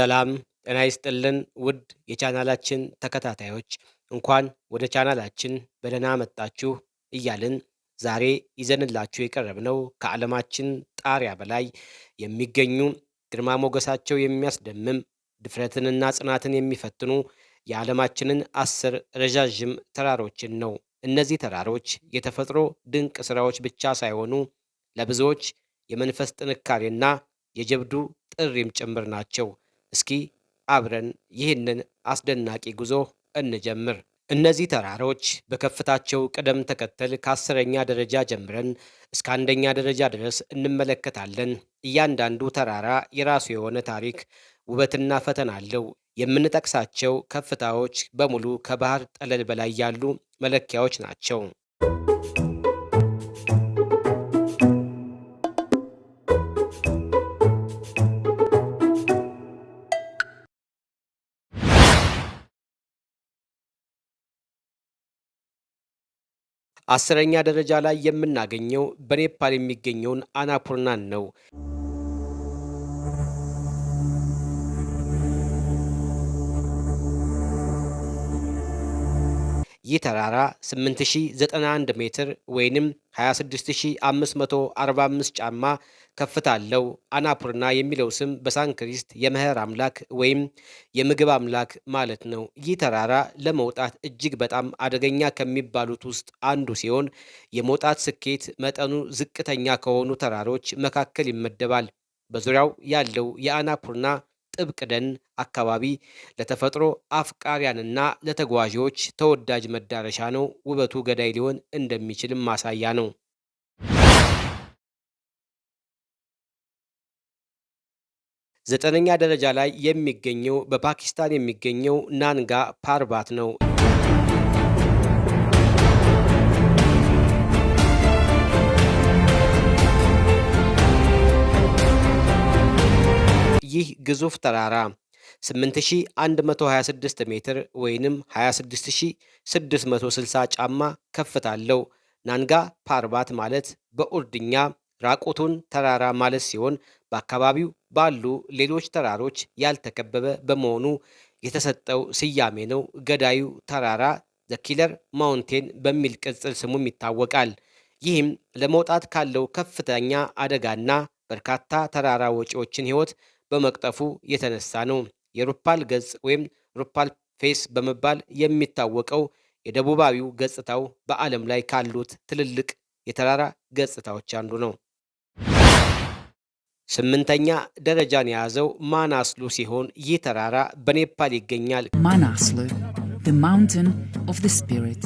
ሰላም ጤና ይስጥልን ውድ የቻናላችን ተከታታዮች እንኳን ወደ ቻናላችን በደህና መጣችሁ እያልን ዛሬ ይዘንላችሁ የቀረብነው ከዓለማችን ጣሪያ በላይ የሚገኙ ግርማ ሞገሳቸው የሚያስደምም ድፍረትንና ጽናትን የሚፈትኑ የዓለማችንን አስር ረዣዥም ተራሮችን ነው። እነዚህ ተራሮች የተፈጥሮ ድንቅ ሥራዎች ብቻ ሳይሆኑ ለብዙዎች የመንፈስ ጥንካሬና የጀብዱ ጥሪም ጭምር ናቸው። እስኪ አብረን ይህንን አስደናቂ ጉዞ እንጀምር። እነዚህ ተራሮች በከፍታቸው ቅደም ተከተል ከአስረኛ ደረጃ ጀምረን እስከ አንደኛ ደረጃ ድረስ እንመለከታለን። እያንዳንዱ ተራራ የራሱ የሆነ ታሪክ፣ ውበትና ፈተና አለው። የምንጠቅሳቸው ከፍታዎች በሙሉ ከባህር ጠለል በላይ ያሉ መለኪያዎች ናቸው። አስረኛ ደረጃ ላይ የምናገኘው በኔፓል የሚገኘውን አናፑርናን ነው። ይህ ተራራ 8091 ሜትር ወይንም 26545 ጫማ ከፍታ አለው። አናፑርና የሚለው ስም በሳንክሪስት የመኸር አምላክ ወይም የምግብ አምላክ ማለት ነው። ይህ ተራራ ለመውጣት እጅግ በጣም አደገኛ ከሚባሉት ውስጥ አንዱ ሲሆን የመውጣት ስኬት መጠኑ ዝቅተኛ ከሆኑ ተራሮች መካከል ይመደባል። በዙሪያው ያለው የአናፑርና ጥብቅ ደን አካባቢ ለተፈጥሮ አፍቃሪያንና ለተጓዦች ተወዳጅ መዳረሻ ነው። ውበቱ ገዳይ ሊሆን እንደሚችልም ማሳያ ነው። ዘጠነኛ ደረጃ ላይ የሚገኘው በፓኪስታን የሚገኘው ናንጋ ፓርባት ነው። ይህ ግዙፍ ተራራ 8126 ሜትር ወይንም 26660 ጫማ ከፍታ አለው። ናንጋ ፓርባት ማለት በኡርድኛ ራቁቱን ተራራ ማለት ሲሆን በአካባቢው ባሉ ሌሎች ተራሮች ያልተከበበ በመሆኑ የተሰጠው ስያሜ ነው። ገዳዩ ተራራ ዘ ኪለር ማውንቴን በሚል ቅጽል ስሙም ይታወቃል። ይህም ለመውጣት ካለው ከፍተኛ አደጋና በርካታ ተራራ ወጪዎችን ሕይወት በመቅጠፉ የተነሳ ነው። የሩፓል ገጽ ወይም ሩፓል ፌስ በመባል የሚታወቀው የደቡባዊው ገጽታው በዓለም ላይ ካሉት ትልልቅ የተራራ ገጽታዎች አንዱ ነው። ስምንተኛ ደረጃን የያዘው ማናስሉ ሲሆን ይህ ተራራ በኔፓል ይገኛል። ማናስሉ the mountain of the spirit.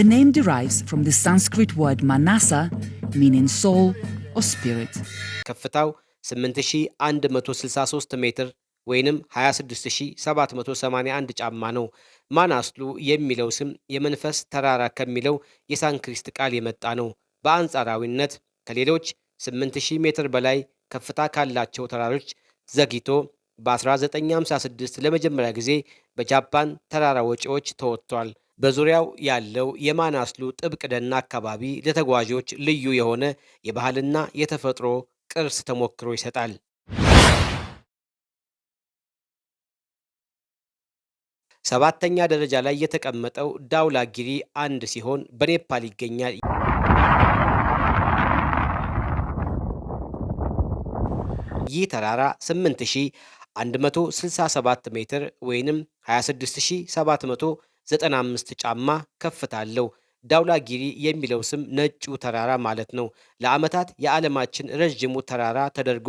The name derives from the Sanskrit word manasa meaning soul or spirit ከፍታው 8163 ሜትር ወይንም 26781 ጫማ ነው። ማናስሉ የሚለው ስም የመንፈስ ተራራ ከሚለው የሳንክሪስት ቃል የመጣ ነው። በአንጻራዊነት ከሌሎች 8000 ሜትር በላይ ከፍታ ካላቸው ተራሮች ዘግይቶ በ1956 ለመጀመሪያ ጊዜ በጃፓን ተራራ ወጪዎች ተወጥቷል። በዙሪያው ያለው የማናስሉ ጥብቅ ደን አካባቢ ለተጓዦች ልዩ የሆነ የባህልና የተፈጥሮ ቅርስ ተሞክሮ ይሰጣል። ሰባተኛ ደረጃ ላይ የተቀመጠው ዳውላጊሪ አንድ ሲሆን በኔፓል ይገኛል። ይህ ተራራ 8167 ሜትር ወይንም 26795 ጫማ ከፍታ አለው። ዳውላጊሪ የሚለው ስም ነጩ ተራራ ማለት ነው። ለዓመታት የዓለማችን ረዥሙ ተራራ ተደርጎ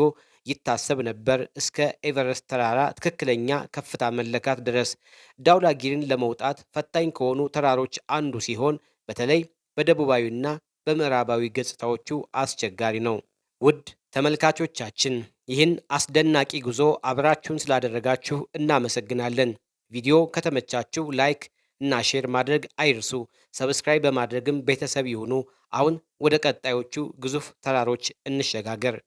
ይታሰብ ነበር እስከ ኤቨረስት ተራራ ትክክለኛ ከፍታ መለካት ድረስ። ዳውላጊሪን ለመውጣት ፈታኝ ከሆኑ ተራሮች አንዱ ሲሆን በተለይ በደቡባዊና በምዕራባዊ ገጽታዎቹ አስቸጋሪ ነው። ውድ ተመልካቾቻችን ይህን አስደናቂ ጉዞ አብራችሁን ስላደረጋችሁ እናመሰግናለን። ቪዲዮ ከተመቻችሁ ላይክ እና ሼር ማድረግ አይርሱ። ሰብስክራይብ በማድረግም ቤተሰብ ይሁኑ። አሁን ወደ ቀጣዮቹ ግዙፍ ተራሮች እንሸጋገር።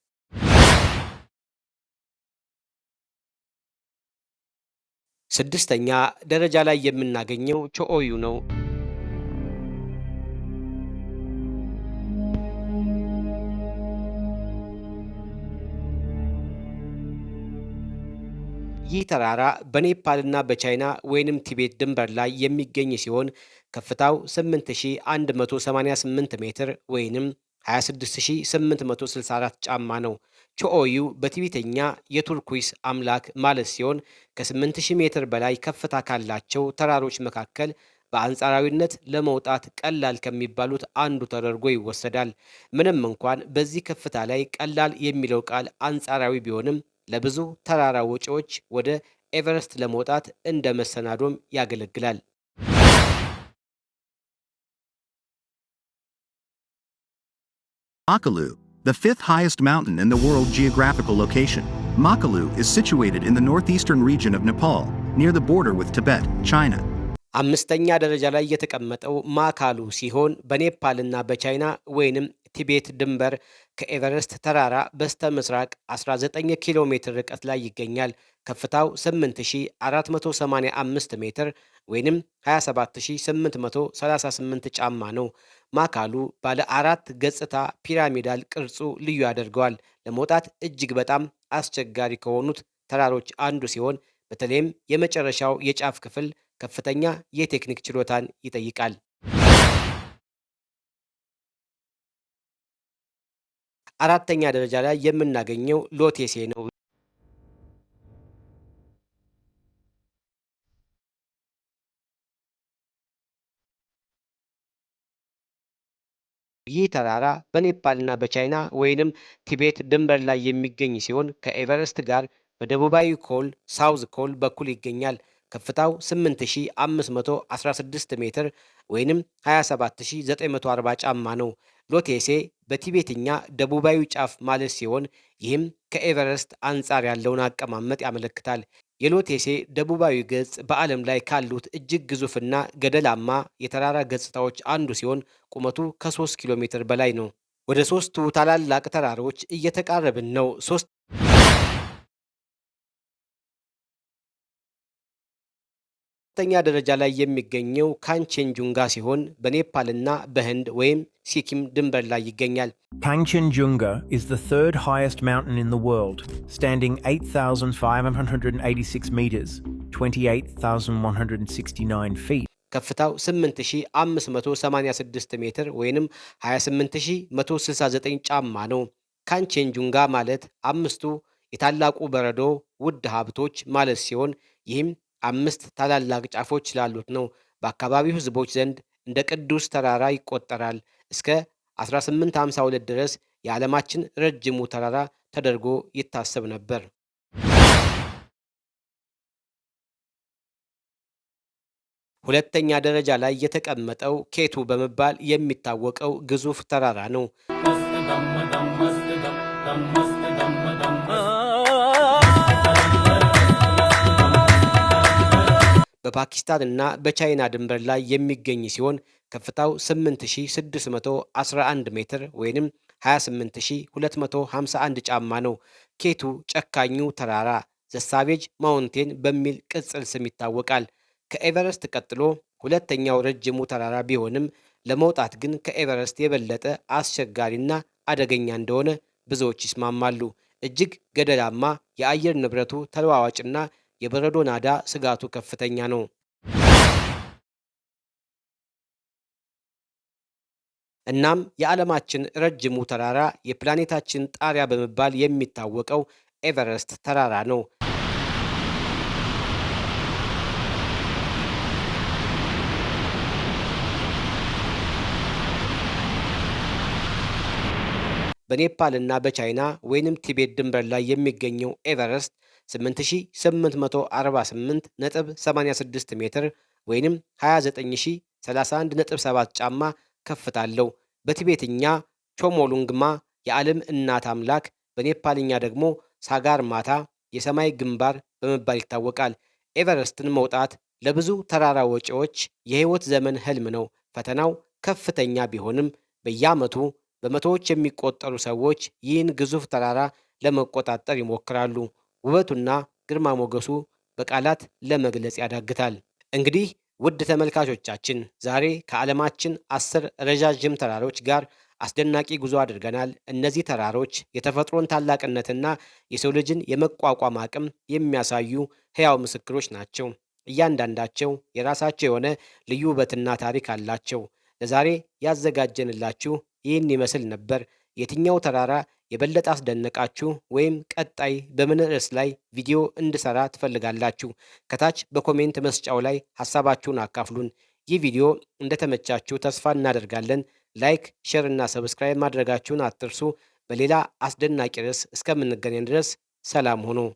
ስድስተኛ ደረጃ ላይ የምናገኘው ቾኦዩ ነው። ይህ ተራራ በኔፓልና በቻይና ወይንም ቲቤት ድንበር ላይ የሚገኝ ሲሆን ከፍታው 8188 ሜትር ወይንም 26864 ጫማ ነው። ቾኦዩ በቲቤተኛ የቱርኩይስ አምላክ ማለት ሲሆን ከ8000 ሜትር በላይ ከፍታ ካላቸው ተራሮች መካከል በአንጻራዊነት ለመውጣት ቀላል ከሚባሉት አንዱ ተደርጎ ይወሰዳል። ምንም እንኳን በዚህ ከፍታ ላይ ቀላል የሚለው ቃል አንጻራዊ ቢሆንም ለብዙ ተራራ ወጪዎች ወደ ኤቨረስት ለመውጣት እንደ መሰናዶም ያገለግላል። Makalu, the fifth highest mountain in the world geographical location. Makalu is situated in the northeastern region of Nepal, near the border with Tibet, China. አምስተኛ ደረጃ ላይ የተቀመጠው ማካሉ ሲሆን በኔፓልና በቻይና ወይንም ቲቤት ድንበር ከኤቨረስት ተራራ በስተ ምስራቅ 19 ኪሎ ሜትር ርቀት ላይ ይገኛል። ከፍታው 8485 ሜትር ወይንም 27838 ጫማ ነው። ማካሉ ባለ አራት ገጽታ ፒራሚዳል ቅርጹ ልዩ ያደርገዋል። ለመውጣት እጅግ በጣም አስቸጋሪ ከሆኑት ተራሮች አንዱ ሲሆን በተለይም የመጨረሻው የጫፍ ክፍል ከፍተኛ የቴክኒክ ችሎታን ይጠይቃል። አራተኛ ደረጃ ላይ የምናገኘው ሎቴሴ ነው። ይህ ተራራ በኔፓልና በቻይና ወይንም ቲቤት ድንበር ላይ የሚገኝ ሲሆን ከኤቨረስት ጋር በደቡባዊ ኮል ሳውዝ ኮል በኩል ይገኛል። ከፍታው 8516 ሜትር ወይንም 27940 ጫማ ነው። ሎቴሴ በቲቤትኛ ደቡባዊ ጫፍ ማለት ሲሆን ይህም ከኤቨረስት አንጻር ያለውን አቀማመጥ ያመለክታል። የሎቴሴ ደቡባዊ ገጽ በዓለም ላይ ካሉት እጅግ ግዙፍና ገደላማ የተራራ ገጽታዎች አንዱ ሲሆን ቁመቱ ከ3 ኪሎ ሜትር በላይ ነው። ወደ ሶስቱ ታላላቅ ተራሮች እየተቃረብን ነው። ሶስት በአምስተኛ ደረጃ ላይ የሚገኘው ካንቼንጁንጋ ሲሆን በኔፓልና በህንድ ወይም ሲኪም ድንበር ላይ ይገኛል። ካንቼንጁንጋ is the third highest mountain in the world, standing 8586 meters, 28169 feet. ከፍታው 8586 ሜትር ወይንም 28169 ጫማ ነው። ካንቼንጁንጋ ማለት አምስቱ የታላቁ በረዶ ውድ ሀብቶች ማለት ሲሆን ይህም አምስት ታላላቅ ጫፎች ላሉት ነው። በአካባቢው ህዝቦች ዘንድ እንደ ቅዱስ ተራራ ይቆጠራል። እስከ 1852 ድረስ የዓለማችን ረጅሙ ተራራ ተደርጎ ይታሰብ ነበር። ሁለተኛ ደረጃ ላይ የተቀመጠው ኬቱ በመባል የሚታወቀው ግዙፍ ተራራ ነው። በፓኪስታን እና በቻይና ድንበር ላይ የሚገኝ ሲሆን ከፍታው 8611 ሜትር ወይንም 28251 ጫማ ነው። ኬቱ ጨካኙ ተራራ ዘሳቤጅ ማውንቴን በሚል ቅጽል ስም ይታወቃል። ከኤቨረስት ቀጥሎ ሁለተኛው ረጅሙ ተራራ ቢሆንም ለመውጣት ግን ከኤቨረስት የበለጠ አስቸጋሪና አደገኛ እንደሆነ ብዙዎች ይስማማሉ። እጅግ ገደላማ፣ የአየር ንብረቱ ተለዋዋጭና የበረዶ ናዳ ስጋቱ ከፍተኛ ነው። እናም የዓለማችን ረጅሙ ተራራ የፕላኔታችን ጣሪያ በመባል የሚታወቀው ኤቨረስት ተራራ ነው። በኔፓልና በቻይና ወይንም ቲቤት ድንበር ላይ የሚገኘው ኤቨረስት 86 ሜትር ወይንም 29031.7 ጫማ ከፍታለው። በቲቤትኛ ቾሞሉንግማ የዓለም እናት አምላክ በኔፓልኛ ደግሞ ሳጋር ማታ የሰማይ ግንባር በመባል ይታወቃል። ኤቨረስትን መውጣት ለብዙ ተራራ ወጪዎች የሕይወት ዘመን ህልም ነው። ፈተናው ከፍተኛ ቢሆንም በየዓመቱ በመቶዎች የሚቆጠሩ ሰዎች ይህን ግዙፍ ተራራ ለመቆጣጠር ይሞክራሉ። ውበቱና ግርማ ሞገሱ በቃላት ለመግለጽ ያዳግታል። እንግዲህ ውድ ተመልካቾቻችን ዛሬ ከዓለማችን አስር ረዣዥም ተራሮች ጋር አስደናቂ ጉዞ አድርገናል። እነዚህ ተራሮች የተፈጥሮን ታላቅነትና የሰው ልጅን የመቋቋም አቅም የሚያሳዩ ሕያው ምስክሮች ናቸው። እያንዳንዳቸው የራሳቸው የሆነ ልዩ ውበትና ታሪክ አላቸው። ለዛሬ ያዘጋጀንላችሁ ይህን ይመስል ነበር። የትኛው ተራራ የበለጠ አስደነቃችሁ ወይም ቀጣይ በምን ርዕስ ላይ ቪዲዮ እንድሰራ ትፈልጋላችሁ? ከታች በኮሜንት መስጫው ላይ ሐሳባችሁን አካፍሉን። ይህ ቪዲዮ እንደተመቻችሁ ተስፋ እናደርጋለን። ላይክ፣ ሼር እና ሰብስክራይብ ማድረጋችሁን አትርሱ። በሌላ አስደናቂ ርዕስ እስከምንገናኝ ድረስ ሰላም ሁኑ።